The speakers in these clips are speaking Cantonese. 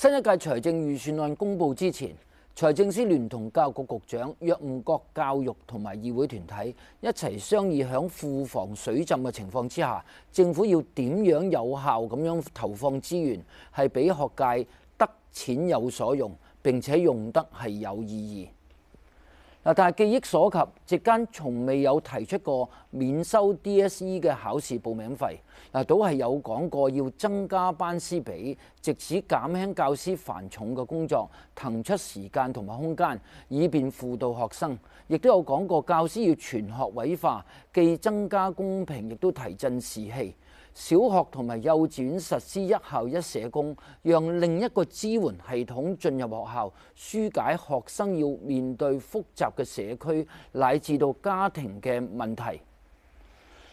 新一屆財政預算案公布之前，財政司聯同教育局局長約晤各教育同埋議會團體一齊商議，喺庫房水浸嘅情況之下，政府要點樣有效咁樣投放資源，係俾學界得錢有所用，並且用得係有意義。嗱，但係記憶所及，席間從未有提出過免收 DSE 嘅考試報名費。嗱，都係有講過要增加班師比，藉此減輕教師繁重嘅工作，騰出時間同埋空間，以便輔導學生。亦都有講過教師要全學位化，既增加公平，亦都提振士氣。小學同埋幼稚園實施一校一社工，讓另一個支援系統進入學校，疏解學生要面對複雜嘅社區乃至到家庭嘅問題。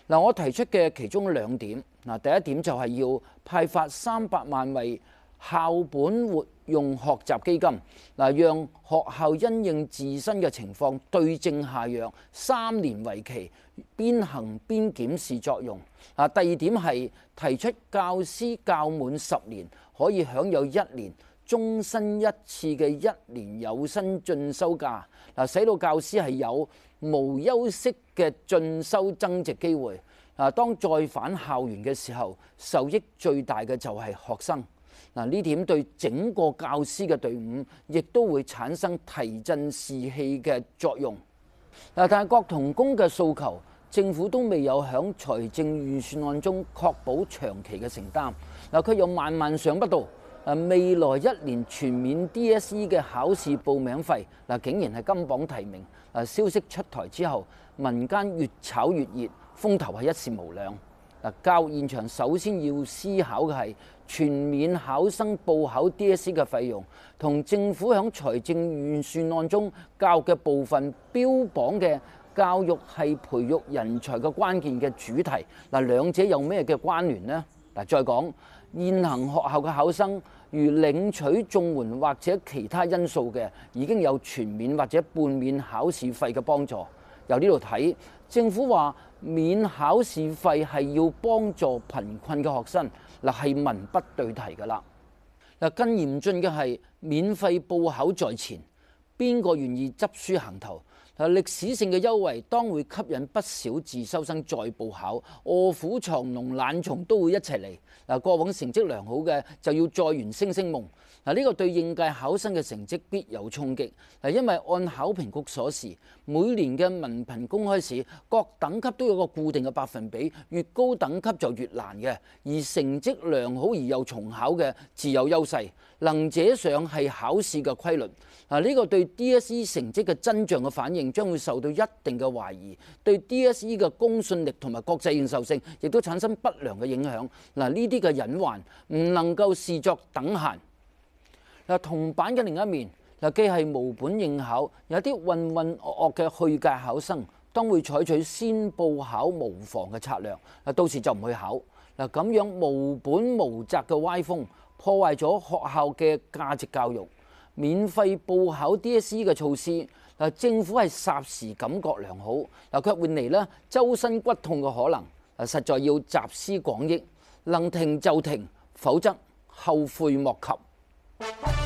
嗱，我提出嘅其中兩點，嗱第一點就係要派發三百萬位。校本活用學習基金嗱，讓學校因應自身嘅情況對症下藥，三年為期，邊行邊檢視作用。啊，第二點係提出教師教滿十年可以享有一年終身一次嘅一年有薪進修假嗱，使到教師係有無休息嘅進修增值機會。啊，當再返校園嘅時候，受益最大嘅就係學生。嗱，呢點對整個教師嘅隊伍，亦都會產生提振士氣嘅作用。但係國同工嘅訴求，政府都未有喺財政預算案中確保長期嘅承擔。嗱，佢又萬萬想不到，誒，未來一年全面 DSE 嘅考試報名費，嗱，竟然係金榜題名。嗱，消息出台之後，民間越炒越熱，風頭係一時無兩。教育現場首先要思考嘅係全免考生報考 DSE 嘅費用，同政府喺財政預算案中教育嘅部分標榜嘅教育係培育人才嘅關鍵嘅主題。嗱，兩者有咩嘅關聯呢？嗱，再講現行學校嘅考生如領取綜援或者其他因素嘅已經有全免或者半免考試費嘅幫助，這裡看，由呢度睇政府話，免考試費係要幫助貧困嘅學生。嗱，係文不對題㗎喇。嗱，更嚴峻嘅係免費報考在前，邊個願意執書行頭？歷史性嘅優惠當會吸引不少自修生再報考，卧虎藏龍、懶蟲都會一齊嚟。嗱，過往成績良好嘅就要再圓星星夢。嗱，呢個對應屆考生嘅成績必有衝擊。嗱，因為按考評局所示，每年嘅文憑公開試各等級都有個固定嘅百分比，越高等級就越難嘅。而成績良好而又重考嘅自有優勢，能者上係考試嘅規律。嗱，呢個對 DSE 成績嘅真相嘅反應。將會受到一定嘅懷疑，對 DSE 嘅公信力同埋國際認受性，亦都產生不良嘅影響。嗱，呢啲嘅隱患唔能夠視作等閒。嗱，銅板嘅另一面，嗱，既係無本應考，有啲渾渾噩噩嘅虛假考生，當會採取先報考無妨嘅策略。嗱，到時就唔去考。嗱，咁樣無本無責嘅歪風，破壞咗學校嘅價值教育。免費報考 DSE 嘅措施，嗱，政府係霎時感覺良好，嗱，卻換嚟咧周身骨痛嘅可能，啊，實在要集思廣益，能停就停，否則後悔莫及。